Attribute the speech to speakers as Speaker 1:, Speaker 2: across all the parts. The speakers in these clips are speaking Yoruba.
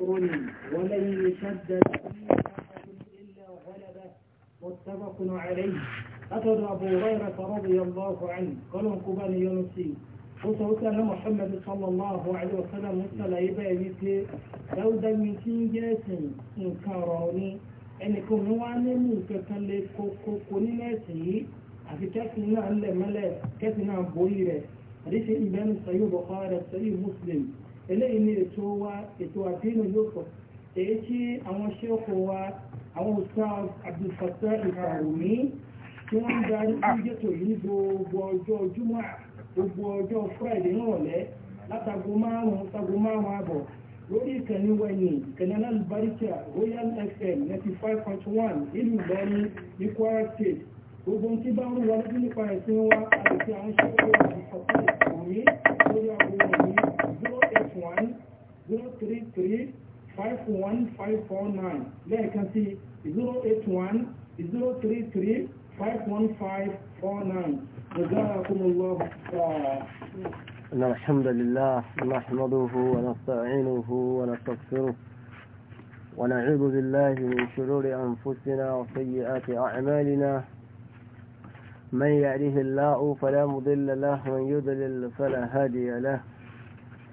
Speaker 1: ولن يشدد إلا غلبه متفق عليه أثر أبو هريرة رضي الله عنه قالوا قبان يونسي وصوت أن محمد صلى الله عليه وسلم مثل إبايته لو دم جيس إنكاروني ẹnìkan ní wá nínú kankan lè kókó nínú ẹ̀sìn yìí àfi kẹ́sìn náà lẹ̀ mẹ́lẹ̀ kẹ́sìn náà borí rẹ̀ àdíṣe ìbẹ́nu sẹ́yìn bọ̀kọ́ rẹ̀ sẹ́yìn muslim eléyìí ni ètò wa ètò àdínú yóò pọ̀ èyí tí àwọn ṣẹ́ọ̀kọ̀ wa àwọn ustaz abdulfatah ìfàwọ̀mí tí wọ́n ń darí ah. fújẹ́tò yìí gbogbo ọjọ́ júmọ́ gbogbo ọjọ́ friday nírọ̀lẹ́ látago márùn-ún látago márùn-ún àbọ̀ lórí ìkànnì wẹ̀yìn ìkànnì alábàríkà royal fm ninety five point one ìlú ìlọrin ní kwara state gbogbo ohun tí bá ń wọlé nípa ẹ̀sìn wa àti àwọn ṣẹ́ọ̀kọ̀ abdulfatah ìfàwọ̀mí lórí àgbo wọn 033 51549 لا lẹ́ẹ̀kan في 081 033 51549 جزاكم الله خيرا
Speaker 2: إن الحمد لله نحمده ونستعينه ونستغفره ونعوذ بالله من شرور أنفسنا وسيئات أعمالنا من يعرف الله فلا مضل له ومن يضلل فلا هادي له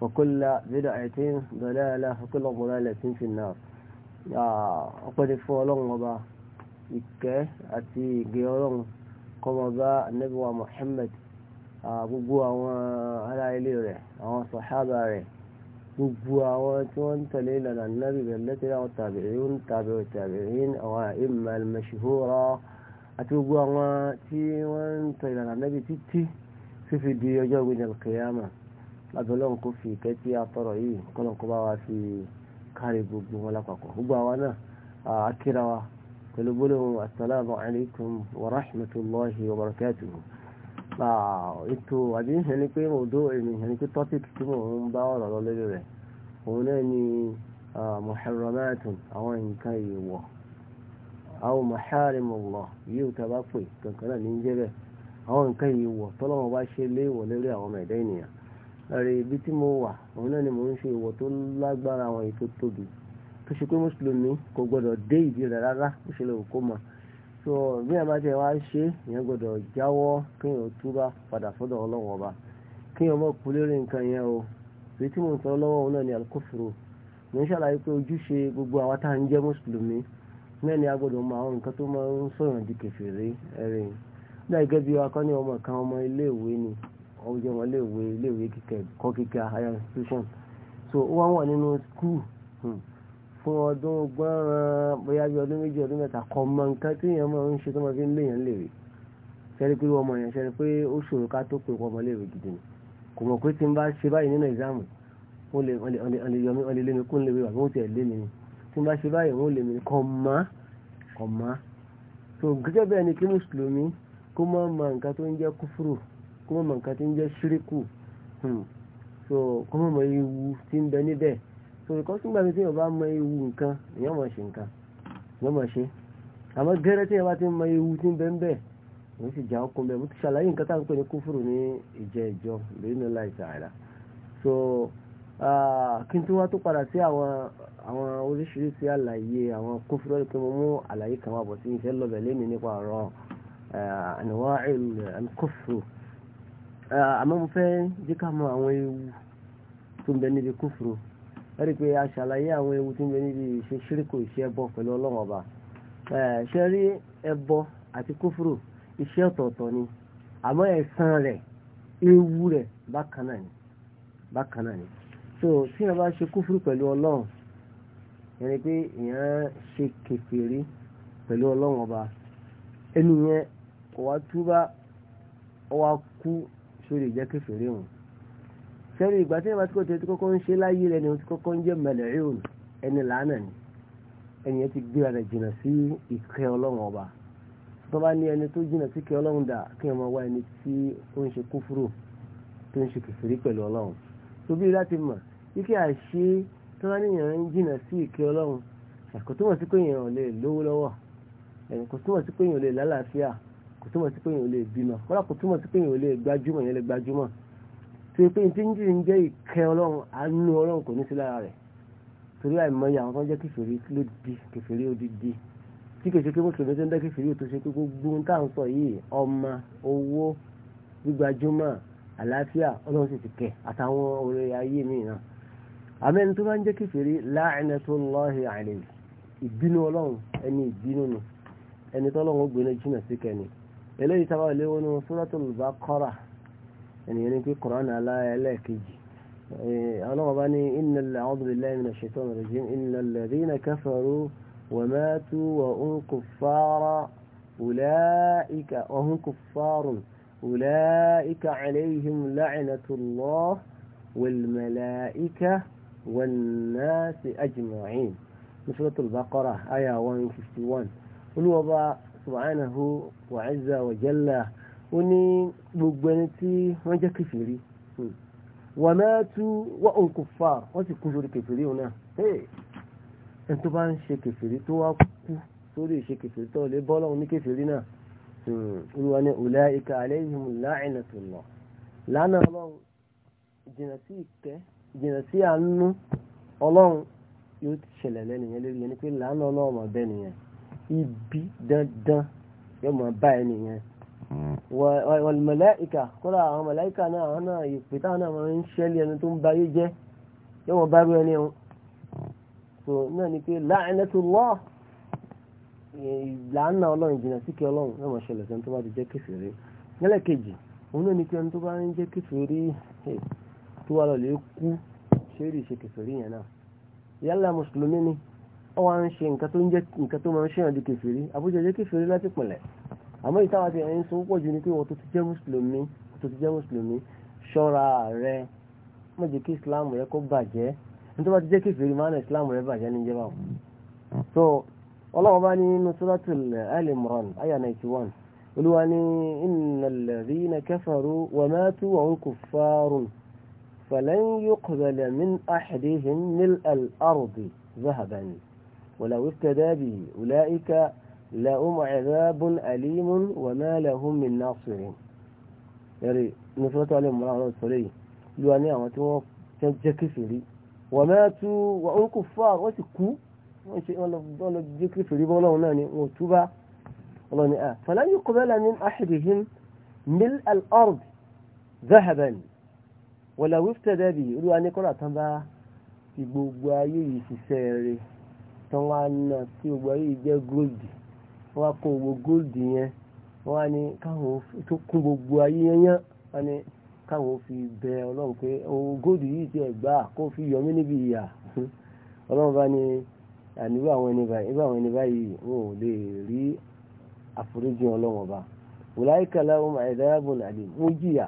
Speaker 2: وكل بدعة ضلالة وكل ضلالة في النار أقول فولون وبا إكة أتي جيولون قم با النبوة محمد gbogbo àwọn ará ilé rẹ̀ àwọn sọ̀hábà rẹ̀ gbogbo àwọn tí wọ́n ń tẹ̀lé ìlànà nábì bẹ̀rẹ̀ tẹ̀lé àwọn tàbíìn tàbíìn tàbíìn àwọn ìmọ̀ al-mashhura àti gbogbo àwọn tí wọ́n ń tẹ̀lé ìlànà nábì títí fífi di ọjọ́ ìgbìyànjú kìyàmà abẹ́lọ́run kó fi ìkẹ́ tí a tọrọ yìí kọ́lọ́n kó bá wa fi kárí gbogbo wọn lápapọ̀ gbogbo àwa náà akíra wa pẹ̀lú gbólóhùn asalaamu alaykum wa rahmatulahi wa barakatuhu. ètò àdéhùn ni pé mo dó ènìyàn ni pé tọ́pìkì tí mo ń bá ọ̀rọ̀ lọ lórí rẹ̀ òun náà ni muharramatun àwọn nǹkan ìwọ̀ àwọn maharimullah yíò tá a bá pè kankan náà ní jẹ́ bẹ́ẹ̀ àwọn nǹkan ìwọ̀ tọ́lọ́wọ́n ṣe léèwọ̀ lórí àwọn ọmọ ẹ̀dá ènìyàn ẹ̀rẹ̀ ibi tí mo wà òun náà ni mò ń ṣe ìwọ̀ tó lágbára àwọn ètò tóbi tó ṣe pé mùsùlùmí kò gbọdọ̀ dé ìdí rẹ̀ rárá ó ṣe lè kó mọ̀ so bí ẹ̀ bá tẹ̀ wá ṣe ìyẹn gbọdọ̀ jáwọ́ kí èèyàn túbà padà sọ́dọ̀ ọlọ́wọ́ ọba kí èèyàn mọ̀ kú lérí nǹkan yẹn o èyí tí mò ń sọ lọ́wọ́ òun náà ni alukófòrò mò ń ṣàlàyé pé ojúṣe gbogbo àwa tá à ń jẹ́ mùsùlùmí náà ni a gbọdọ̀ mọ àwọn nǹkan tó máa ń sọ̀rọ̀ di kèfèrí ẹ̀rìn bí àìgẹ́bí wa kọ́ ní ọmọ kan ọmọ iléèwé ni ó jẹ́ wọn léèwé léèwé kíkẹ́ kọ́ kíkẹ́ higher institution so ó wá wà nínú school hmm, fún ọdún gbọ́nràn bóyá bí ọdún méjì ọdún mẹ́ta kọ́ mọ nǹkan tí èèyàn máa ń ṣe tó máa fi ń léèyàn léèwé sẹ́ni pé ọmọ yẹn sẹ́ni pé ó ṣòro ká tó pé kọ́ ọmọ léèwé gidi ni kò mọ̀ pé tí n bá ṣe báyìí nínú ìzáàmù wọ́n lè yọ kún lè wíwà wọ́n ti ẹ̀ lé ni tí n bá ṣe báyìí wọ́n lè kọ́ mọ́ kọ́ mọ́ so gẹ́gẹ́ bẹ́ẹ̀ ni kí mùsùlùmí kó má mọ nǹkan tó ń jẹ́ kúfúrù kó mọ̀ nǹkan tí ń jẹ́ ṣíríkù hmm. so kó mọ̀ mọ̀ ewu tí ń bẹ níbẹ̀ so ìkọ́ sígbà tí èèyàn bá mọ ewu nǹkan èèyàn mọ̀ ṣe nǹkan èèyàn mọ̀ ṣe àmọ́ gẹ́rẹ́ tí èèyàn bá ti mọ ewu tí ń bẹ ń bẹ òun sì jà ọkùnrin bẹ́ẹ̀ mo ti ṣàlàyé nǹkan táwọn pè ní kúfùrù ní ìjẹ ìjọ lóyún láì sàárà so kí n tó wá tó padà sí àwọn àwọn oríṣiríṣi àlàyé àwọn kúfùrù kí mo mú àlàyé kan wà bọ̀ sí ìfẹ́ lọ́bẹ̀ lẹ́nu nípa ọ̀rọ̀ àníwá kúfùrù àmọ́ mo fẹ́ jẹ́ ká mọ àwọn ewu tó ń bẹ níbi kúfùrù ẹ̀rí pé a ṣàlàyé àwọn ewu tó ń bẹ níbi ìṣe ṣíríkù ìṣe ẹbọ pẹ̀lú ọlọ́run ọba ṣe rí ẹbọ àti kúfùrù iṣẹ́ ọ̀tọ̀ọ̀tọ̀ ni àmọ́ ẹ̀san rẹ̀ ewu rẹ̀ bákan náà ni bákan so tí wọ́n bá ṣe kúfùrù pẹ̀lú ọlọ́run ẹni pé èèyàn ṣe kèfèrí pẹ̀lú ọlọ́run ọba ẹni kò wá túbá ó kú sórí ìjẹ́ kẹfìrí wọn sẹ́rí ìgbà tí ìbátíkọ̀ tó ti kọ́kọ́ ń ṣe láyé rẹ̀ ni ó ti kọ́kọ́ ń jẹ́ mẹlẹ́rìún ẹni làánà ni ẹni yẹn ti gbéra rẹ̀ jìnnà sí ìkẹ́ ọlọ́run ọba tó bá ní ẹni tó jìnnà sí ìkẹ́ ọlọ́run dà kí wọ́n wá ẹni tí ó ń ṣe kúfúrò tó ń ṣe kẹfìrí pẹ̀lú ọlọ́run tó bí láti mọ̀ kíkẹ́ àṣe tó bá níyàn ń jìnnà sí ìkẹ́ ọlọ́run kò túmọ̀ sí pé èèyàn lè lówó lọ́wọ́ kò túmọ̀ sí pé èèyàn lè lálàáfíà kò túmọ̀ sí pé èèyàn lè bímọ kọ́lá kò túmọ̀ sí pé èèyàn lè gbajúmọ̀ èèyàn lè gbajúmọ̀ tó yẹ pé ní tí ń jìn jẹ́ ìkẹ́ ọlọ́run àánú ọlọ́run kò ní sí lára rẹ̀ torí àìmọye àwọn tó ń jẹ́ kẹfìrí ló di kẹfìrí odidi tí kèsì pé mùsùlùmí tó ń jẹ́ kẹfìrí tó ṣe pé gbogbo ohun tá à ń sọ yìí ọmọ owó gbígbajúmọ̀ àlàáfíà ọlọ́run sì ti kẹ́ àtàwọn oore ayé mi náà àmọ́ ẹni tó bá ń jẹ́ kẹfìrí la'natullahi alayhi ìbínú ọlọ́run ẹni ìbínú nu ẹni tọ́lọ́run ó gbéná jìnnà sí kẹ́ni eléyìí tábà lé wọnú suratul Baqara ènìyàn ní pé Qur'an aláyẹlẹ́kejì ọlọ́wọ́ bá ní innal a'udhu billahi minash shaitani rajim innal ladhina kafaru wa matu wa hum kuffara ulaika wa hum kuffarun ulaika alayhim la'natullah wal mala'ika wan nas 151 olúwọ́ subhanahu wa azza wa jalla ó ní gbogbo ẹni tí wọ́n jẹ́ kèfèrí wà máa tú wà ń kò fà wọ́n sì kú sórí kèfèrí òun náà ẹni tó bá ń ṣe kèfèrí tó wá kú sórí ìṣe kèfèrí tó lè bọ́ lọ́wọ́ ní kèfèrí náà hmm. olùwà ni ulaika alayhim la'inatullah lánàá ọlọ́run jìnnà sí ìkẹ́ jìnnà sí àánú ọlọ́run yóò ṣẹlẹ̀ lẹ́nìyẹn lórí yẹn ni pé lánàá ọlọ́run ọ̀bẹ nìyẹn ibi dandan yóò máa bá ẹni yẹn hmm. wal màláíkà kódà àwọn màláíkà náà àwọn náà ìpè táwọn náà máa ń ṣẹ́lẹ̀ ẹni tó ń ba ayé jẹ́ yóò máa bá rú ẹni o so náà ni pé la'natullah làánà ọlọ́run jìnnà síkẹ ọlọ́run yóò máa ṣẹlẹ̀ sẹ́ni tó bá ti jẹ́ kèfèrí nílẹ̀ kejì òun náà ni pé ẹni tó bá ń jẹ́ kèfèrí tó ọwọ́ ń ṣe nǹkan tó ń jẹ́ nǹkan tó máa ń ṣèyàn di kẹfìrí àbújá jẹ́ kẹfìrí láti pìnlẹ̀ àmọ́ ìtawà ti ẹ̀yìn sọ pọ̀ jù ní pé wọ́n tó ti jẹ́ mùsùlùmí tó ti jẹ́ ṣọ́ra rẹ má kí islam rẹ kó bàjẹ́ nítorí wọ́n ti jẹ́ kẹfìrí máa ń islam rẹ bàjẹ́ ní ìjẹba so ọlọ́wọ́ bá ní inú suratul Ali Imran aya ninety one olúwa ní innal ladhina kafaru wa matu wa hum kuffarun falan yuqbala min ahadihim mil'al ardi zahaban ولو افتدى به أولئك لهم عذاب أليم وما لهم من ناصرين يري نفرة عليهم مرة على الصلي لواني عمتهم تجكفري وماتوا وهم كفار وتكوا ولا جكفري ولا هناني وتبع والله آه فلن يقبل من أحدهم ملء الأرض ذهبا ولو افتدى به لواني كنا تنبع في بوبوايي في سيري tó wá na tí gbogbo ayé jẹ́ góòdì wọ́n wá kó gbogbo góòdì yẹn wọ́n wá ní káwọn tó kún gbogbo ayé yẹn yẹn wọ́n ní káwọn fi bẹ ọlọ́run pé òun góòdì yìí ti ẹ̀ gbà kó fi yọ mí níbi ìyà ọlọ́run bá ní àníwá àwọn ẹni báyìí irú àwọn ẹni báyìí wọn ò lè rí àforíjì ọlọ́run ọba wùláìkà láwọn àìdáyàbò nàdí wọn jìyà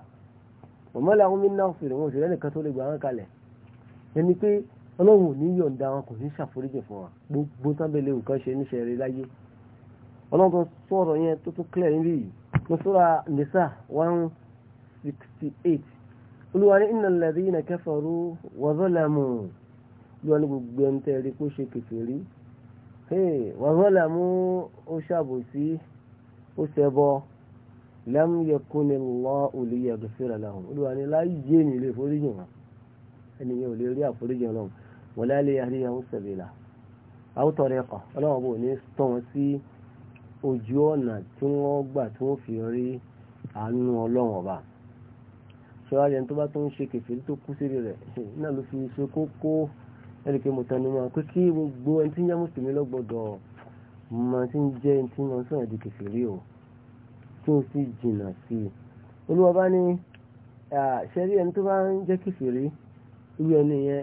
Speaker 2: ọmọlẹ àwọn mí náà fèrè wọn ò sì rẹ́nìkan tó lè gbà wọn kalẹ̀ ẹni pé ọlọ́run ò ní yọ̀ǹda wọn kò ní ṣàforíjì fún wa gbogbo tábìlì nǹkan ṣe níṣẹ́ rẹ láyé ọlọ́run sọ̀rọ̀ yẹn tó tún clear níbí yìí ní nisa one sixty eight olúwa ní innal ladhina kafaru wa zalamu olúwa ní gbogbo ẹni tẹ́ rí kó ṣe kèfèrí wa zalamu ó ṣàbòsí ó ṣẹbọ lam yakunillahu liyaghfira lahum olúwa ní láyé ní ilé ìforíjì wọn ò lè rí àforíjì ọlọ́run wala la yahdiyahu sabila aw tariqa ọlọ́wọ́ bò ní tán sí ojú ọ̀nà tí wọ́n gbà tí wọ́n fi rí àánú ọlọ́run ọba ṣọ́ra ẹni tó bá tó ń ṣe kèfèrí tó kú síbi rẹ̀ náà ló fi ṣe kókó ẹni pé mo tẹnu mọ́ pé kí gbogbo ẹni tí ń jẹ́ mùsùlùmí lọ́gbọ́dọ̀ mọ tí ń jẹ́ ẹni tí wọ́n sọ̀rọ̀ di kèfèrí o tí ó sì jìnnà sí i olúwa bá ní ṣẹ́rí ẹni tó bá ń jẹ́ kèfèrí irú ẹni yẹn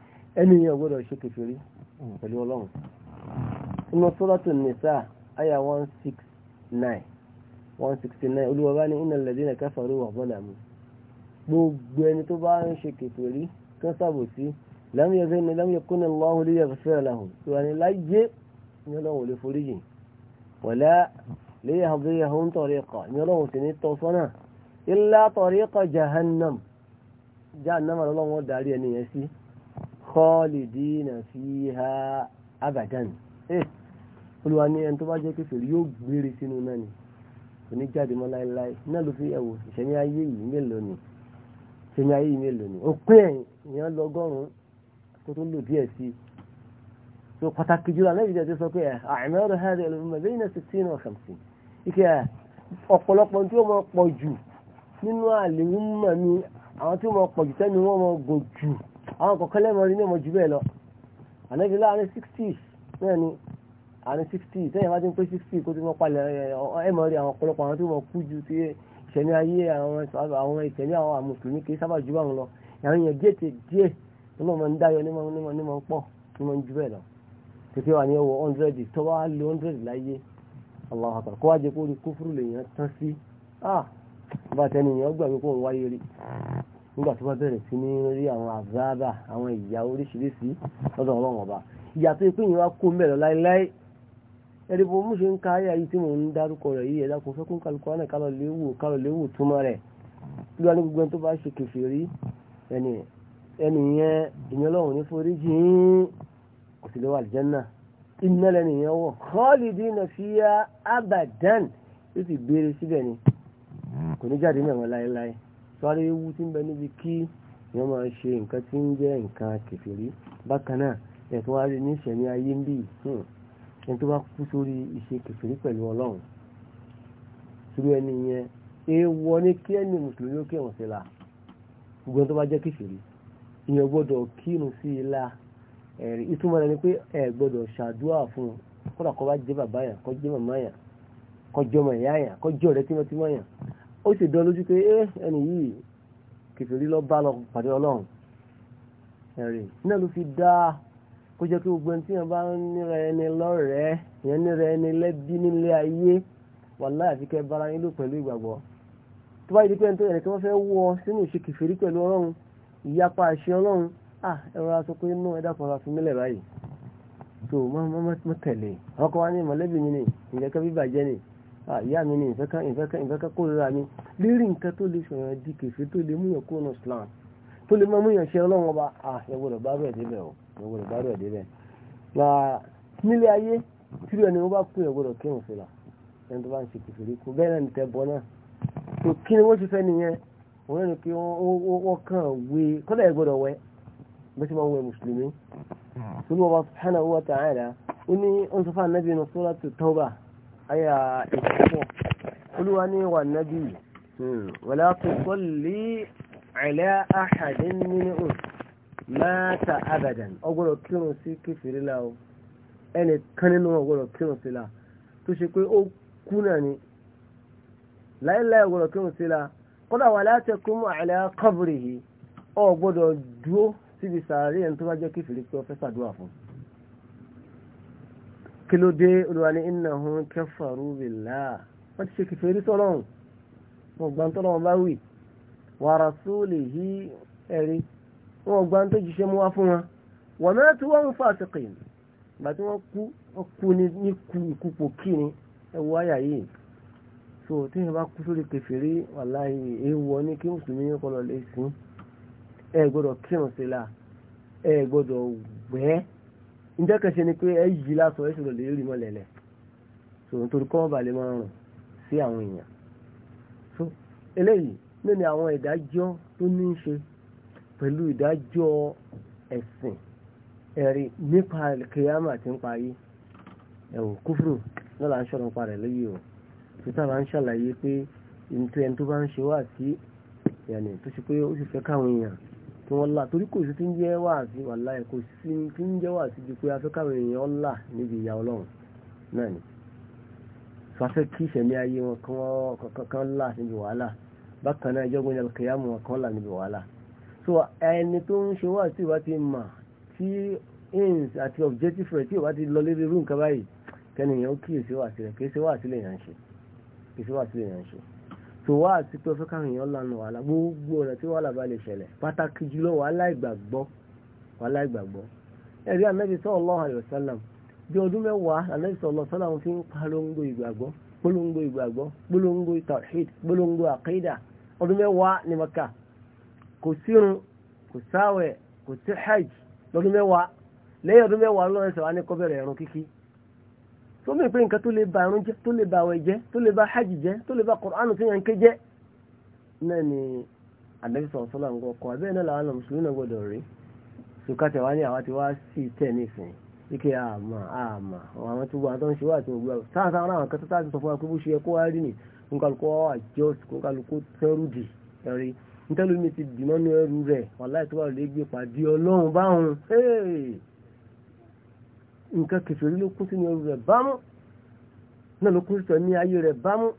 Speaker 2: ẹni yẹn gbọ́dọ̀ ṣe kèfèrí pẹ̀lú ọlọ́run inú suratul nisa àyà one six nine one sixty nine olúwa bá ní innal ladina kafaru wa zalamu gbogbo ẹni tó bá ń ṣe kèfèrí kan sábòsí lam yazinu lam yakun Allahu liyaghfira lahum ìwà ni láyé ní ọlọ́run ò lè forí yìí wala liyahdiyahum tariqa ní ọlọ́run sì ní tọ́ sọ́nà illa tariqa jahannam jahannam àlọ́lọ́run darí ẹni yẹn sí khalidina fiha abadan eh, olùwà ni ẹni tó bá jẹ́ kéfèé yóò gbére sínú náà ni kò ní jáde mọ́ láéláé náà ló fi ẹ̀wò ìṣẹ̀mí ayé yìí mélòó ni ìṣẹ̀mí ayé yìí mélòó ni òpin ẹ̀yìn ìyẹn lọ́gọ́rùn-ún kó tó lò díẹ̀ sí i tó pàtàkì jùlọ anábì jẹ́ ti sọ pé àmẹ́rọ hẹ́rẹ́ ẹlòmíràn bẹ́ẹ̀ ní sixteen or something ike ah, ọ̀pọ̀lọpọ̀ tí ó pọ̀ jù nínú àlè ń mọ̀ ni àwọn tí ó pọ̀ jù tẹ́ni wọ́n mọ̀ gò jù àwọn kọ̀ọ̀kan lẹ́mọ̀ rí ní ọmọ jù bẹ́ẹ̀ lọ ànábi láàrin sixty náà ni àrin sixty sẹ́yìn bá ti ń pé sixty kó tó mọ́ palẹ̀ ẹ̀mọ́ rí àwọn ọ̀pọ̀lọpọ̀ àwọn tó mọ̀ kú ju ti ìṣẹ̀ní ayé àwọn ìṣẹ̀ní àwọn mùsùlùmí kì í sábà ju báwọn lọ àwọn èèyàn díẹ̀ ti díẹ̀ ní mọ̀ ń dáyọ ní mọ̀ ń pọ̀ ní mọ̀ ń ju bẹ́ẹ̀ lọ tètè wà ní ọwọ́ hundred tó bá lo hundred láyé Allahu Akbar kó ah bàtẹ́ni èèyàn gbàgbé kó ń wáyé rí nígbà tó bá bẹ̀rẹ̀ sí ní rí àwọn àzáàbà àwọn ìyà oríṣiríṣi lọ́dọ̀ ọlọ́run ọba ìyà tó pín ìwà kó mẹ́rọ láéláé ẹ̀rí bó mú ṣe ń ka ayé ayé tí mò ń dárúkọ rẹ̀ yìí ẹ̀dá kò fẹ́ kó ń kálukọ ánà kálọ̀ léwu kálọ̀ léwu túmọ̀ rẹ̀ lúwa ní gbogbo ẹni tó bá ṣe kèfèrí ẹni ẹni yẹn ìyẹn ọlọ́run ní forí jìn kò sì lè wà àlùjánnà iná lẹ́nu yẹn wọ̀ khalidina fiha abadan ó sì gbére síbẹ̀ ni kò ní jáde mẹ́wọ̀n láéláé sọ́rí ewu tí ń bẹ níbi kí wọ́n máa ṣe nǹkan tí ń jẹ́ nǹkan kẹfìrí bákan náà ẹ̀tọ́ wá rí ní ìṣẹ̀ní ayé ń bì hmm, ẹni tó bá kú sórí ìṣe kẹfìrí pẹ̀lú ọlọ́run sórí ẹni yẹn ni kí ẹni mùsùlùmí ó sí la gbogbo tó bá jẹ́ kẹfìrí ìyẹn gbọ́dọ̀ kírun sí i la ẹ̀rí ìtumọ̀ ó sì dán lójú pé ẹ eh, ẹni yìí kìfìrí lọ bá lọ pàdé ọlọ́run ẹ̀rì náà ló fi dá kó jẹ́ kí gbogbo ẹni tí yẹn bá níra ẹni lọ́rẹ̀ẹ́ yẹn níra ẹni lẹ́bí nílé ayé wàláhì àti kẹ́ bára yín lò pẹ̀lú ìgbàgbọ́ tó bá yẹ pé ẹni tó yẹ kí wọ́n fẹ́ wọ sínú ìṣe kìfìrí pẹ̀lú ọlọ́run ìyapa àṣẹ ọlọ́run à ẹ̀rọ aṣọ pé inú ẹ̀dá kan ra mílẹ̀ báyìí tó mọ́ tẹ̀lé ọkọ̀ wa ní mọ̀lẹ́bí mi ni ìjẹ́kẹ́ bíbàjẹ́ ni Ah, ìyá mi ní ìfẹ́kán ìfẹ́kán ìfẹ́kán kórìíra mi lérí nǹkan tó lè sọ̀rọ̀ di kèfé tó lè múyàn kó nù slam tó lè máa múyàn ṣe ọlọ́run ọba ah, ẹ̀wọ̀rọ̀ bá rẹ̀ débẹ̀ o ẹ̀wọ̀rọ̀ bá rẹ̀ débẹ̀ nílé ayé tírú ẹni wọ́n bá kú ẹ̀wọ̀rọ̀ kírun fìlà ẹni tó bá ń ṣe kèfé rí kú bẹ́ẹ̀ náà ní tẹ́ bọ́ náà tó kí ni wọ́n ti fẹ́ nìyẹn òun ni pé wọ́n kàn wé kọ́dà ẹ̀gbọ́dọ̀ wẹ́ bó ṣe máa ń wẹ mùsùlùmí àyà ìpọ̀ olúwa ní wà nábì hmm, wàlá tusalli ala ahadin minhum mata abadan ọgbọ́dọ̀ kírun sí kìfìrí la o ẹnì kan nínú ọgbọ́dọ̀ kírun sí la tó ṣe pé ó kú náà ni láìláì ọgbọ́dọ̀ kírun sí la kódà wala takum ala qabrihi ọgbọ́dọ̀ dúró síbi sàárè ẹni tó bá jẹ́ kìfìrí pé ó fẹ́ ṣàdúrà fún un kí ló dé olúwa ní innahum kafaru billah wọ́n ti ṣe kẹfẹ́ rí sọ́lọ́run wọ́n gbà ń tọ́lọ́run bá wì wa rasulihi ẹ̀rí wọ́n gbà ń tó jíṣẹ́ mú wá fún wọn wa matu wa hum fasiqin ìgbà tí wọ́n kú wọ́n kú ní ìkúpò kí ni ẹ̀wọ́ àyà yìí so tí wọ́n bá kú sórí kẹfẹ́ rí wàláhì èèwọ̀ ní kí mùsùlùmí kọ́ lọ lè sìn ẹ̀ gbọ́dọ̀ kírun sí la ẹ̀ gbọ́dọ̀ wẹ́ẹ́ njẹ́ kan ni pé ẹ yí lásán lè rí mọ́ lẹ̀lẹ̀ so nítorí kọ́ ọba lè máa rùn sí àwọn èèyàn so eléyìí náà ni àwọn ìdájọ́ tó ní í ṣe pẹ̀lú ìdájọ́ ẹ̀sìn ẹ̀rí nípa kìyàmà tí ń parí ẹ̀wò kúfùrù náà là ń ṣọ̀rọ̀ nípa rẹ̀ lẹ́yìn o tó tábà ń ṣàlàyé pé ìtú tó bá ń ṣe wá sí yàní tó ṣe pé ó sì fẹ́ káwọn èèyàn kí wọ́n là torí kò sí tí ń jẹ́ wà sí wàláhì kò sí tí ń jẹ́ wà sí ju pé afẹ́kàwé èèyàn là níbi ìyá ọlọ́run náà ni fàfẹ́ kí ìṣẹ̀mí ayé wọn kan là níbi wàhálà bákan náà ìjọba ìjọba kìyàmù wọn kan là níbi wàhálà so ẹni tó ń ṣe wà sí ìwà ti mà tí aims àti objective rẹ̀ tí ìwà ti lọ lérí irú nǹkan báyìí kẹ́niyàn ó kíyèsí wà sílẹ̀ kìí ṣe wà sílẹ̀ yàn ń ṣe tó wá àti pé fẹ́ káwọn èèyàn lànà wàhálà gbogbo ọ̀nà tí wàhálà bá lè ṣẹlẹ̀ pàtàkì jùlọ wàhálà ìgbàgbọ́ wàhálà ìgbàgbọ́ ẹ̀rí ànábì sallallahu alaihi wasallam bí ọdún mẹ́wàá ànábì sallallahu alaihi wasallam fi ń polongo ìgbàgbọ́ polongo ìgbàgbọ́ polongo tawhid polongo àkídà ọdún mẹ́wàá ní maka kò sírun kò sáwẹ̀ kò sí hajj lọ́dún mẹ́wàá lẹ́yìn ọdún mẹ́wàá lọ́rẹ́sẹ̀ tó mẹ́ pé nǹkan tó lè ba àrùn jẹ́ tó lè ba àwẹ̀ jẹ́ tó lè ba hajj jẹ́ tó lè ba kọ̀ránù tó yàn ké jẹ́ náà ni àdẹ́bí sọ̀rọ̀ sọ́lá ń gọkọ̀ abẹ́ẹ̀ náà làwọn mùsùlùmí náà gbọ́dọ̀ rí sùkàtà wá ní àwa ti wá sí tẹ̀ nísìnyí ike àmà àmà àwọn tó wà tó ń ṣe wà tó gbà sáàsà ara àwọn kẹta sáàsì sọ fún wa pé bó ṣe yẹ kó wá rí ni nkàlùkọ àjọsí kó kàlùkọ tẹrù dì ẹrí nítorí mi ti dì mọ́nú ẹrù rẹ̀ wàláì nǹkan kẹfẹ́rí ló kún sínú ẹrù rẹ̀ bámú náà ló kún sínú ní ayé rẹ̀ bámú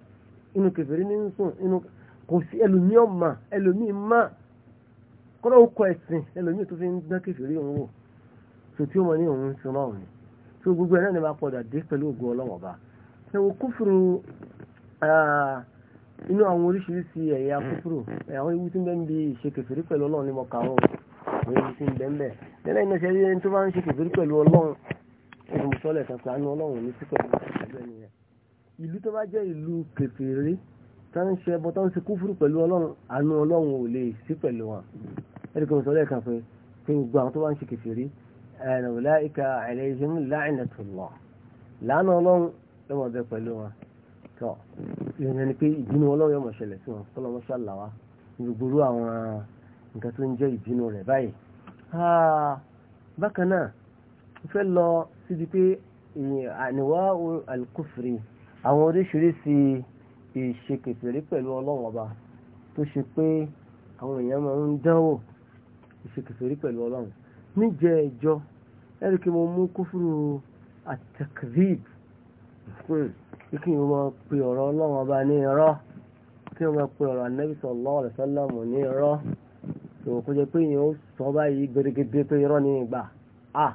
Speaker 2: inú kẹfẹ́rí ní sùn inú kò sí ẹlòmíì ọ̀mà ẹlòmíì má kọ́dọ̀ ó kọ ẹ̀sìn ẹlòmíì tó fi ń gbá kẹfẹ́rí òun wò tó tí ó mọ ní òun ń sinmi ọ̀hún ni tó gbogbo ẹ̀ náà ni máa padà dé pẹ̀lú ògùn ọlọ́wọ́ bá ṣe wo kúfùrù inú àwọn oríṣiríṣi ẹ̀yà kúfùrù àwọn ewu tí ń bẹ ń bi ìṣe kẹfẹ́rí pẹ̀lú ọlọ́run ni mo kà wọ́n àwọn ewu tí ń bẹ ń bẹ lẹ́lẹ́yìn náà ṣe rí ẹni tó bá ń ṣe kẹfẹ́rí pẹ̀lú ọlọ́run ẹ̀rù sọ́lẹ̀ kan sànú ọlọ́run ní sípò ìlú ẹni yẹn ìlú tó bá jẹ́ ìlú kèfèrí tó ń ṣe ẹbọ tó ń ṣe kúfúrú pẹ̀lú ọlọ́run àánú ọlọ́run ò lè sí pẹ̀lú wọn ẹ̀rù kan sọ́lẹ̀ kan pé pé gbogbo àwọn tó bá ń ṣe kèfèrí ẹ̀rù láìka àìlẹ́yìn láìnàtúlọ̀ lánà ọlọ́run ló mọ̀ bẹ́ pẹ̀lú wọn tó ìrìn ni pé ìbínú ọlọ́run yóò mọ̀ sí wọn kọ́lọ́ mọ́ṣáláwá fẹ́ lọ síbi pé àníwá alkufri àwọn oríṣiríṣi ìṣekèfèrí pẹ̀lú ọlọ́run ọba tó ṣe pé àwọn èèyàn máa ń dánwò ìṣekèfèrí pẹ̀lú ọlọ́run níjẹ ẹjọ́ ẹ̀rí kí mo mú kúfúrú àtẹkìrìb hmm. kí n máa pe ọ̀rọ̀ ọlọ́run ọba ní irọ́ kí n máa pe ọ̀rọ̀ ànábì sallallahu alaihi ní irọ́ kò kó jẹ pé èèyàn ó sọ báyìí gbèrègbè pé irọ́ ní ìgbà ah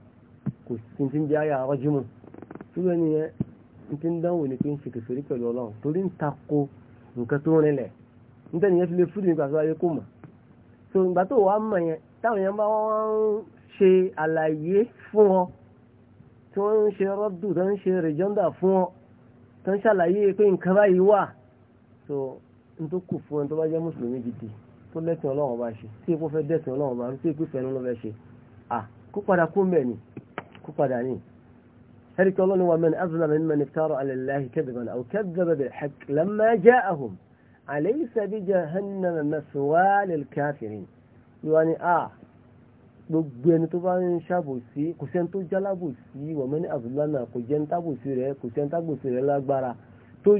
Speaker 2: kò sí ti ń jẹ́ àyà ọjọ́mọ̀ túbú ẹni yẹn ń ti ń dánwò ní pé ń ṣe kẹsìrí pẹ̀lú ọlọ́run torí ń tako nǹkan tó rinlẹ̀ nítorí yẹn fi lè fúdù nípa àtúwáyé kò mọ̀ so ìgbà tó wàá mọ̀ yẹn táwọn yẹn bá wọ́n ń ṣe àlàyé fún ọ tí wọ́n ń ṣe rọ́dù tó ń ṣe rìjọ́ndà fún ọ tó ń ṣàlàyé pé nǹkan báyìí wà so n tó kù fún ẹ tó bá jẹ́ mùsùlùmí gidi tó lẹ́sìn ọlọ́run ọba ṣe tí epo fẹ́ dẹ́sìn ọlọ́run ọba tí epo fẹ́ ló fẹ́ ṣe à kó padà kó mẹ́ni kó padà ní ẹ̀rí kí ọlọ́run wa man azlama mimman iftara ala Allahi kadhiban aw kadhaba bil haqqi lamma ja'ahum alaysa bi jahannama maswa lil kafirin yíwá ni a gbogbo ẹni tó bá ń ṣàbòsí kò sẹ́ni tó jálábòsí wa man azlama kò jẹ́ ń tábòsí rẹ̀ kò sẹ́ni tábòsí rẹ̀ lágbára tó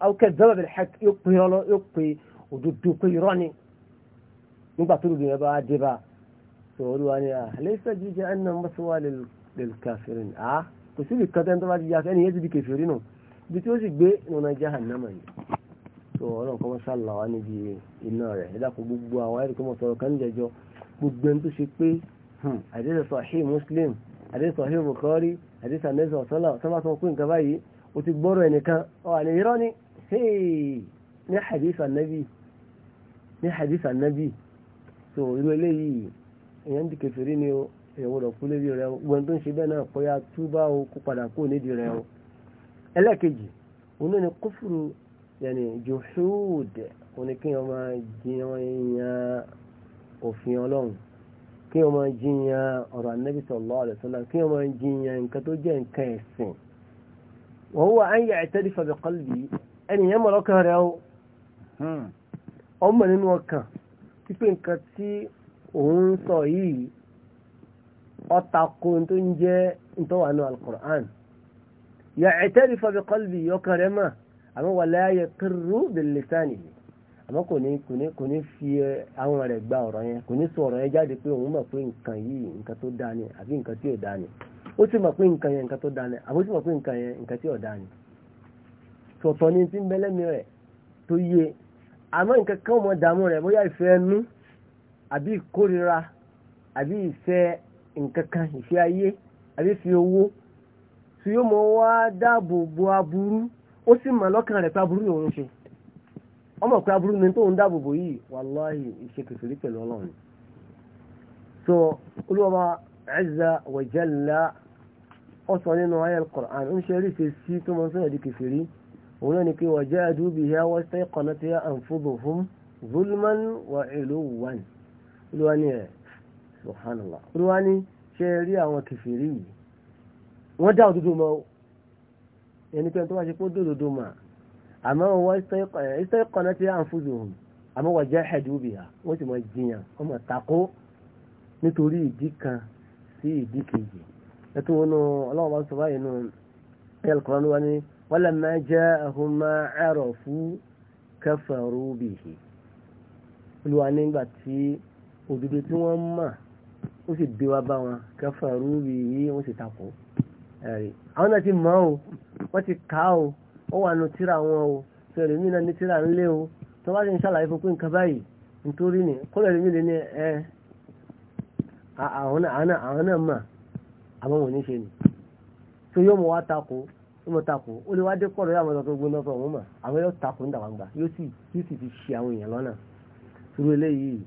Speaker 2: aw kadhaba bil haqqi yóò pè nígbà tó rúdùn yẹn bá dé bá tó olúwa ni àlẹ́sà jíjẹ ẹnà mọ́sánwá lèlù kàfẹ́rẹ́ ni àá kò sí ìkan tẹ́ni tó bá jíjẹ afẹ́ nìyẹn ti di kẹfẹ́rẹ́ nù ibi tí ó sì gbé nínú jahannama yìí tó ọlọ́run kọ́ mọ́sá là wá níbi iná rẹ̀ ẹ̀dá kó gbogbo àwọn ẹ̀rí kó mọ̀ sọ̀rọ̀ kan jẹjọ gbogbo ẹni tó ṣe pé hmm, àdéhùn ní hadith anabi so irú eléyìí èèyàn di kèfèrí ni o èèyàn gbọ́dọ̀ kú lébi rẹ o gbọ́n tó ń ṣe bẹ́ẹ̀ náà kọ́yà túbà o kó padà kó nídìí rẹ o ẹlẹ́ẹ̀kejì òun náà ni kófùrù yẹnì jòhúùdẹ̀ òun ni kéèyàn máa jiyàn òfin ọlọ́run kéèyàn máa jiyàn ọ̀rọ̀ anábì sallallahu alaihi wasallam kéèyàn máa jiyàn nǹkan tó jẹ́ nǹkan ẹ̀sìn wọ́n wà á ń yà ẹ̀tẹ́rì fàbẹ̀kọ́lì ẹnìyàn mọ̀ lọ́kàn rẹ o hmm pípé nǹkan tí òun ń sọ yìí ọ̀tàkó tó ń jẹ́ ìtọ́wànú alukur'an ya'tarifu bi qalbi yọkàn rẹ̀ mà àmọ́ wala yaqirru bil lisani àmọ́ kò ní kò ní kò ní fi àwọn rẹ̀ gba ọ̀rọ̀ yẹn kò ní sọ ọ̀rọ̀ yẹn jáde pé òun mọ̀ pé nǹkan yìí nǹkan tó dáa ni àbí nǹkan tí ò dáa ni ó sì mọ̀ pé nǹkan yẹn nǹkan tó dáa ni àbó sì mọ̀ pé nǹkan yẹn nǹkan tí ò dáa ni tọ̀tọ̀ ni ti ń bẹ́lẹ́mi rẹ̀ tó yé àmọ́ nǹkan kan mọ̀ dààmú rẹ̀ bóyá ìfẹ́ ẹnu àbí ìkórira àbí ìfẹ́ nǹkan kan ìfẹ́ ayé àbí ìfẹ́ owó tí yóò mọ̀ wá dáàbò bo aburú ó sì mọ̀ lọ́kàn rẹ̀ pé aburú lòun ṣe ọmọ pé aburú ni tóun dáàbò bo yìí wàláhì ìṣe kìfìrí pẹ̀lú ọlọ́run so olúwọ́ba azza wa jalla ọ̀sán nínú ayé al-Qur'an ń ṣe rí ìṣesí tó mọ̀ sọ́yà di kìfìrí òun náà ni pé wajahadu biha wastayqanatha anfusuhum zulman wa uluwan olúwa ni ẹ̀ subhanallah olúwa ni ṣe rí àwọn kìfìrí yìí wọ́n dá òdodo mọ́ ẹni pé tó wá ṣe pé ó dòdodo mọ́ àmọ́ wọ́n istayqanatha anfusuhum àmọ́ wajahadu biha wọ́n sì mọ jiyàn wọ́n mọ̀ takó nítorí ìdí kan sí ìdí kejì ẹ̀tún wọn ọlọ́run bá ń sọ báyìí nù ẹ̀ ولما جاءهم ما عرفوا كفروا به Olúwa nígbà tí òdodo tí wọ́n mọ̀ ó sì dé wá bá wọn kafaru bihi wọ́n sì takò ẹ̀rí àwọn náà ti mọ̀ ọ́ wọ́n ti kà ó ó wà nù tíra wọn o tó ẹ̀rẹ̀mí náà ní tíra ńlé o tó bá ti ń ṣàlàyé fún pé nǹkan báyìí nítorí ni kọ́lọ̀ ẹ̀rẹ̀mí lè ní ẹ àwọn náà mà àwọn ò ní ṣe ni tó yóò mọ̀ wá takò mo takò ó lè wá dé pọ̀ lórí àwọn ọ̀dọ́ tó gbóná fún ọ̀hún mà àwọn yóò takò nígbà wọn gbà yóò sì yóò sì fi ṣe àwọn èèyàn lọ́nà irú eléyìí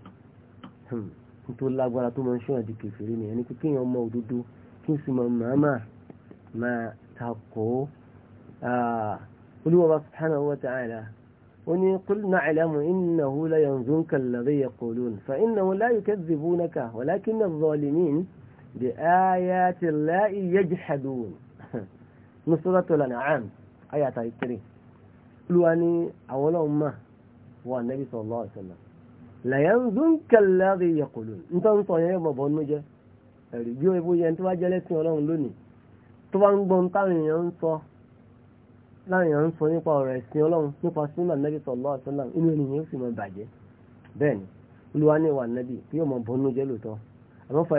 Speaker 2: hmm, tó lágbára tó máa ń ṣọ́yàn di kèfèrí nìyẹn ni pé kéèyàn mọ òdodo kí n sì mọ màmá máa takò olúwa bá subhanahu wa ta'ala ó ní qul na'lamu innahu la yanzunka alladhi yaqulun fa innahu la yukadhibunaka walakinna adh-dhalimin di ayati llahi yajhadun Suratul An'am àyà tàbí tẹ̀lé olúwa ní àwọn awolo mà wa Nabi sallallahu alaihi wasallam la yahzunka alladhi yaqulun nítorí sọ yẹn bọ̀ bọ́ nújẹ́ ẹ̀rí bí yẹn tó bá jẹ́ lẹ́sìn ọlọ́run Nabi sallallahu alaihi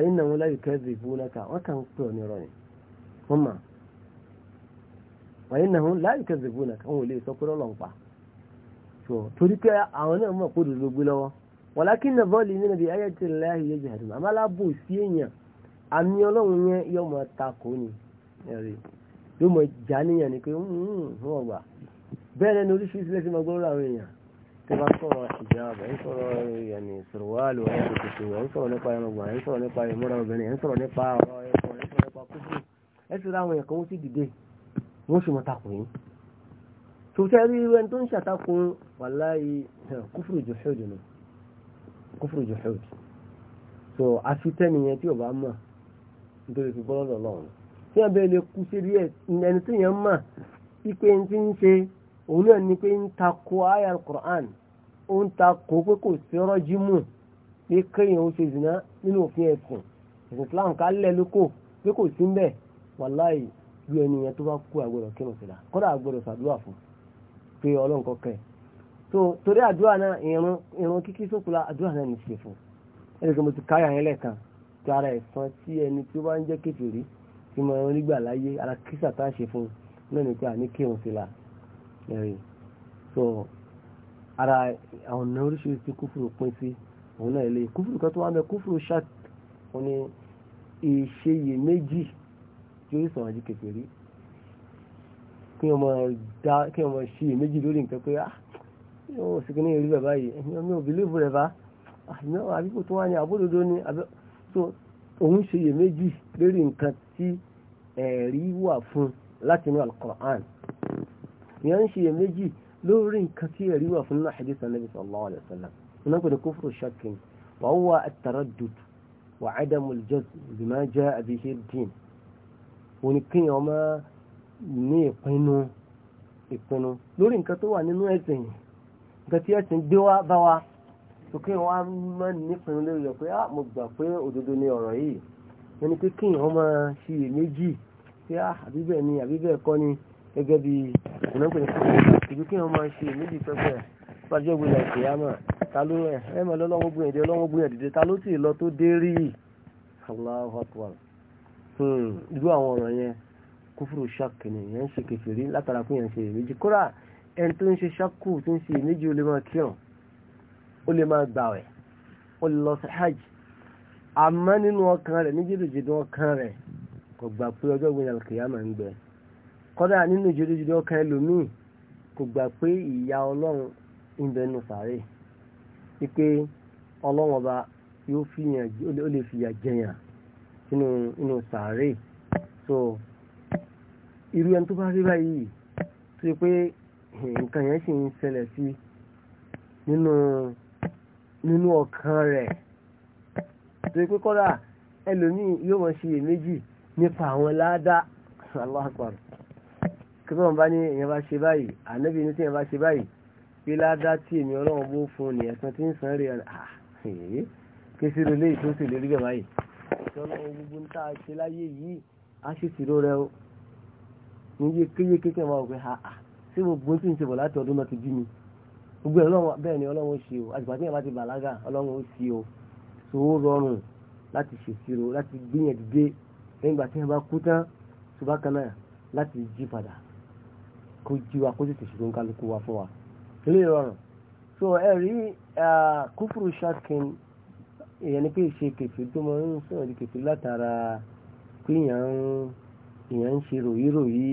Speaker 2: wasallam ma ni wọ́n yìí nàá láì kẹsì fún nàá òun ò lè sọ pé lọ́lọ́ ń pa torí pé àwọn náà mọ̀ kó dòdò gbé lọ́wọ́ wọ́n lákì náà bọ́ọ̀lì nínú ibi ayé tí ìlẹ̀ ayé yẹ jihadi àmọ́ alábò sí èèyàn àmì ọlọ́run yẹn yóò mọ̀ takò ni yóò mọ̀ já níyàn ni pé fún hmm, hmm, ọgbà bẹ́ẹ̀ lẹ́nu oríṣiríṣi lẹ́sìn máa gbọ́rọ̀ àwọn èèyàn tí wọ́n sọ̀rọ̀ ìjọba ẹ̀ ń sọ̀rọ̀ ìyànnì ẹ̀ wọ́n sì mọ́ takùn yín tòótẹ́ rí ẹni tó ń ṣàtakùn wàláyé kúfùrù jù hẹ́ọ̀dù nù kúfùrù jù hẹ́ọ̀dù so àfitẹ́ni yẹn tí ò bá mọ̀ nítorí fi gbọ́dọ̀ lọ lọ́run tí wọ́n bẹ̀rẹ̀ lè kú sí rí ẹni tó yẹn mọ̀ ipe ń ti ń ṣe òun náà pé ń takò àyà Qur'an ó ń takò pé kò sí ọ̀rọ̀ jímù pé kéèyàn ó ṣe zìnà nínú òfin ẹ̀sìn ìsìlámù ká lẹ́ lóko pé kò sí ń bẹ̀ wàláyé bí ẹni yẹn tó bá kú àgbọ̀dọ̀ kí wọn sì là kọ́dà àgbọ̀dọ̀ sàdúrà fún pé ọlọ́run kọ́ kẹ́ ẹ̀ tó torí àdúrà náà ìrun ìrun kíkí sókùlà àdúrà náà ní ṣe fún ẹni tó mo ti káyà yẹn lẹ́ẹ̀kan tó ara ẹ̀sán tí ẹni tó bá ń jẹ́ kékeré tí mo rí gbà láyé ara kíṣà tá a ṣe fún náà ní pé àní kí wọn sì là ẹ̀rì tó ara ọ̀nà oríṣiríṣi kúfùrù pín sí òun náà ilé kúfùrù kan tó wà mẹ́ kúfùrù ṣáà yóò sọ̀rọ̀ di kékeré kí wọ́n máa dá kí wọ́n máa ṣe méjì lórí nǹkan pé ah yóò sì kí ní rí bàbá yìí ẹ̀yin ọmọ òbílẹ̀fù rẹ̀ bá ah, àbíkò tó wà ní àbódodo ni so òun ṣe yè méjì lórí nǹkan tí ẹ̀rí wà fún láti inú al-Qur'an ìyẹn ń ṣe yè méjì lórí nǹkan tí ẹ̀rí wà fún náà hadith anabi sallallahu alayhi wa iná kò ní kufru shakkin wa huwa at-taraddud wa 'adamu al-jazm bima ja'a bihi òun ni kí ọmọ ní ìpinnu ìpinnu lórí nǹkan tó wà nínú ẹ̀sìn nǹkan tí ẹ̀sìn gbé wá bá wa tó kí wọ́n á mọ́ nípinnu lórí rẹ̀ pé ah, mo gbà pé òdodo ni ọ̀rọ̀ yìí ẹni pé kí ọmọ ṣiyèméjì pé ah, àbí ni àbí bẹ́ẹ̀ kọ́ ni gẹ́gẹ́ bí ìnáwó ní fún ìbí kí wọ́n máa ṣe méjì pẹ́pẹ́ pàjọ́ ìgbìlẹ̀ ìkìyàmọ̀ ta ló ẹ̀ ẹ̀ mọ̀ lọ́wọ́ gbìyànjú ọlọ́wọ́ gbìyànjú ta ló sì lọ tó dé rí Allahu Akbar irú àwọn ọ̀rọ̀ yẹn kúfúrú ṣáàkì ni yẹn ń ṣe kẹfìrí látara pé yẹn ń ṣe èméjì kódà ẹni tó ń ṣe ṣáàkù tó ń ṣe èméjì ó lè máa kírun ó lè máa gbàwẹ̀ ó lè lọ sí hajj àmọ́ nínú ọkàn rẹ̀ ní jìdìjìdì ọkàn rẹ̀ kò gbà pé ọjọ́ ìgbìyànjú alkiyama ń gbẹ kódà nínú jìdìjìdì ọkàn ẹlòmíì kò gbà pé ìyà ọlọ́run ń sínú inú sàárè so irú ẹni tó bá rí báyìí tó yẹ pé eh, nǹkan yẹn sì ń ṣẹlẹ̀ sí nínú nínú ọkàn rẹ̀ tó yẹ pé kọ́dà ẹlòmíì yóò mọ̀ ṣe èméjì nípa àwọn ládàá Allahu Akbar kí wọ́n bá ní èèyàn bá ṣe báyìí ànábì ní tí èèyàn bá ṣe báyìí pé ládàá tí èmi ọlọ́run bó fún ni ẹ̀sán tí ń san rè é ah, eh, kí sí lóléyìí tó sì lórí bẹ́ẹ̀ báyìí ìjọba gbogbo ń tá a ṣe láyé yìí a ṣe tìró rẹ o ní yé kéye kéke máa wọ pé ha ha ṣé gbogbo tí ń ṣe bọ̀ láti ọdún náà ti bí mi gbogbo ẹ̀ lọ́wọ́ bẹ́ẹ̀ ni ọlọ́run ó ṣe o àtìgbà tí yẹn bá ti bàlágà ọlọ́run ó ṣe o ṣòwò rọrùn láti ṣèṣirò láti gbìyànjú dé lẹ́yìn ìgbà tí yẹn bá kú tán ṣùgbọ́n kan náà láti jí padà kó jí èèyàn ni pé ìṣe kèfì tó máa ń sọ̀rọ̀ di kèfì látara pé èèyàn ń ṣe ròyíròyí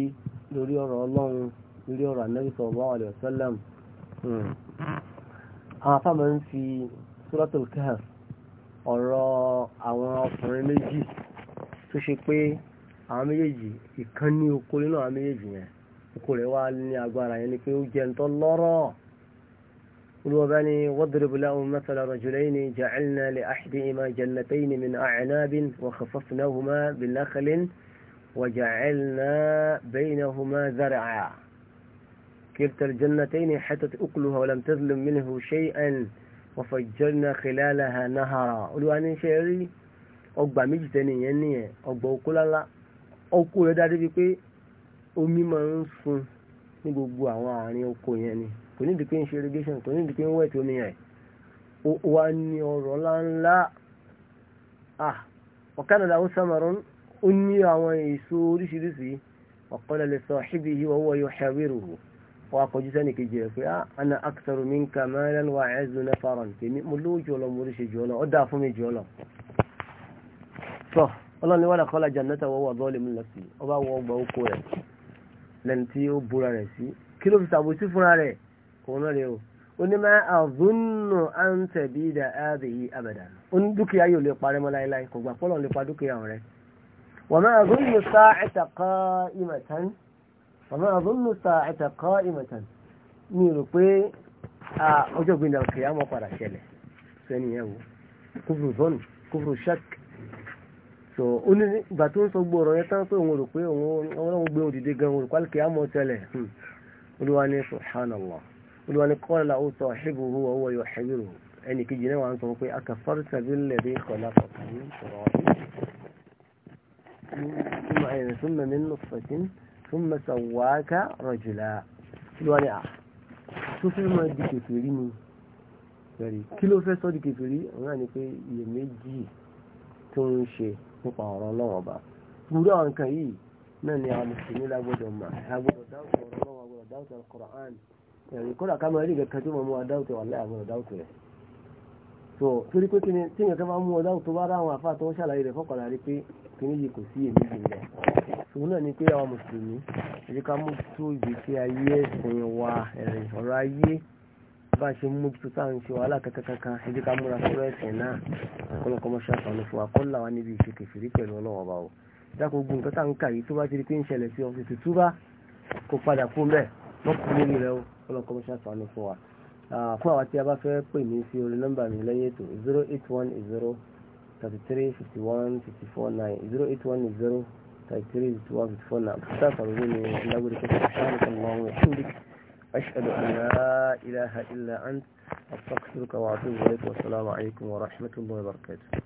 Speaker 2: lórí ọ̀rọ̀ ọlọ́run lórí ọ̀rọ̀ Ànábì sallallahu alaihi wasallam. Hmm. àwọn afá ń fi Suratul Kahf ọ̀rọ̀ àwọn ọkùnrin méjì tó ṣe pé àwọn méjèèjì ìkan ní nínú àwọn méjèèjì yẹn wá ní agbára yẹn ni pé ó ń قل وبني واضرب لهم مثل رجلين جعلنا لأحدهما جنتين من أعناب وخففناهما بنخل وجعلنا بينهما زرعا كلتا الجنتين حتت أكلها ولم تظلم منه شيئا وفجرنا خلالها نهرا قل méjì tẹ́nìyàn ní ẹ̀ شعري dáadé bíi pé omi máa ń sun ní يعني ni e ogba oku lala oku re daade bii pe omi maa n sun kò ní ìdíkẹ́ ń ṣe irrigation kò ní ìdíkẹ́ ń wẹ̀ tí omi yẹn ó wá ní ọ̀rọ̀ ńláńlá ah ọ̀kánàdà ó sàmàrún ó ní àwọn èso oríṣiríṣi ọ̀kọ́lẹ̀ lè sọ ṣíbi yìí wọ́n wọ́n yóò ṣàwérò wò wọ́n akọjú sẹ́ni kejì rẹ̀ pé ah ana akitaru mi nka mẹ́rin wa ẹ̀ẹ́dù nafaran tèmi mo lówó jù ọlọ mo rí ó dáa fún mi jù ọlọ. sọ ọlọ́ni wàlá kọ́lá jannata wọ́wọ́ bọ́ọ̀lì mi lọ sí ọba wọ́ ọgbà oko rẹ̀ lẹ́ni tí ó búra rẹ̀ sí kí ló fi sàbòsí fúnra rẹ̀ òun náà o wani ma a zunnu an ń da ìdá ààbè yìí un ó ya yi ole kware parẹ́ mọ́ láéláé kò gbà pọ́lọ̀ lè ya wure rẹ̀ wọ́n máa àvúnnù sáàtà kọ́ ìmọ̀tán wọ́n máa àvúnnù sáàtà kọ́ ìmọ̀tán ní rò pé ọjọ́ so ó ní tó ń sọ gbòòrò yẹn tán pé òun rò pé òun gbé òdìdí gan olùwàní kọ́lá la ó sọ ṣíbù hu ọwọ́ yóò ṣẹ́yìrò ẹnì kejì náà wà ń sọ pé akàfàrí tàbí lẹ́bí kọ́lá pàtàkì sọ̀rọ̀ ọ̀hún fún mi nínú fẹ̀sìn fún mi sàwáàkà rọ̀jùlá olùwàní à ah, tó fẹ́ máa di kèfèrí ni pẹ̀lú kí ló fẹ́ sọ di kèfèrí òun náà ni pé iyèméjì tó ń ṣe nípa ọ̀rọ̀ ọlọ́wọ̀n ọba gbúdọ̀ náà ni àwọn mùsùlùmí lágbọ́dọ̀ mà lágbọ́dọ̀ dáhùn ọ̀rọ̀ ọlọ́wọ̀n àgbọ́dọ̀ ẹ̀rìn kódà ká máa rí nǹkan tí wọ́n mú adáwùtò wà láì àwọn rẹ̀ so torí pé kíni tí nǹkan bá mú ọ̀dáwùtò bá rá àwọn àfáà tó ń ṣàlàyé rẹ̀ fọ́kànlá rí pé kíní yìí kò sí èmi jù lọ òun náà ni pé àwọn mùsùlùmí ẹ̀rí ká mú tó ìgbésí ayé ẹ̀sìn wa ẹ̀rìn ọ̀rọ̀ ayé bá ṣe mú tó tá à ń ṣe wàhálà kankankan ẹ̀rí ká múra sọ́rọ̀ ẹ̀sìn náà kọ́lọ́kọ́ mọ́ ṣàtàánú fún wa kọ́lá wa níbi ìṣèkèfèrí pẹ̀lú ọlọ́wọ́ ọba o dákun nǹkan tá ń kà yìí tó bá ti di pé ń ṣẹlẹ̀ sí ọ́fíìsì túbá kó padà fún bẹ́ẹ̀ wọ́n kú lórí rẹ̀ ọlọ́kọ́ mọ́ṣá sànú fún wa fún àwa tí a bá fẹ́ pè mí sí orí nọ́mbà mi lẹ́yìn ètò zero eight one zero thirty three fifty one fifty four nine zero eight one zero thirty three fifty one fifty four nine ṣáà sọ̀rọ̀ lórí mi lágbèrè kọ́kọ́ ṣáà nìkan lọ́wọ́ أشهد أن لا إله إلا أنت أستغفرك وأتوب إليك والسلام عليكم